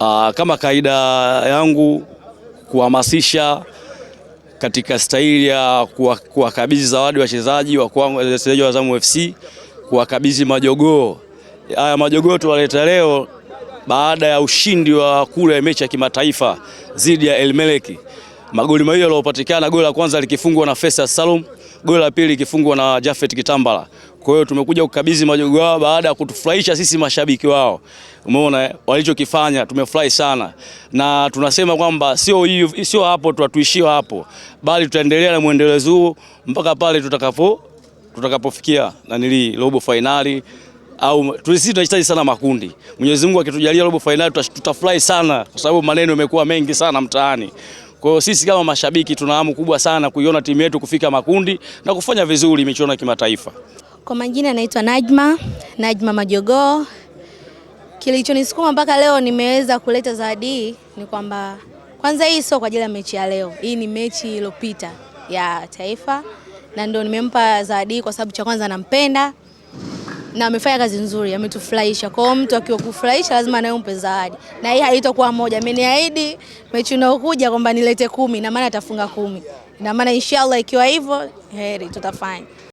Aa, ah, kama kaida yangu kuhamasisha katika staili ya kuwakabidhi zawadi wachezaji wachezaji wa Azam FC, kuwakabidhi majogoo haya. Majogoo tuwaleta leo baada ya ushindi wa kule mechi ya kimataifa dhidi ya El Merreikh, magoli mawili yaliyopatikana, goli la kwanza likifungwa na Festus Salum, goli la pili likifungwa na jafet Kitambala. Kwa hiyo tumekuja kukabidhi majogo yao baada ya kutufurahisha sisi mashabiki wao. Umeona eh, walichokifanya, tumefurahi sana, na tunasema kwamba sio hiyo, sio hapo tu, hatuishio hapo, bali tutaendelea na mwendelezo huu mpaka pale tutakapo tutakapofikia nanili robo fainali au sisi tunahitaji sana makundi. Mwenyezi Mungu akitujalia robo fainali tutafurahi sana, kwa sababu maneno yamekuwa mengi sana mtaani. Kwa hiyo sisi kama mashabiki tuna hamu kubwa sana kuiona timu yetu kufika makundi na kufanya vizuri michuano ya kimataifa. Kwa majina naitwa Najma, Najma Majogoo. Kilichonisukuma mpaka leo nimeweza kuleta zawadi hii ni kwamba kwanza hii sio kwa ajili ya mechi ya leo. Hii ni mechi iliyopita ya taifa na ndio nimempa zawadi kwa sababu cha kwanza nampenda na amefanya kazi nzuri, ametufurahisha. Kwa hiyo mtu kufurahisha lazima naye umpe zawadi. Na hii haitakuwa moja. Ameniahidi mechi inayokuja kwamba nilete kumi na maana atafunga kumi. Na maana inshallah ikiwa hivyo heri tutafanya.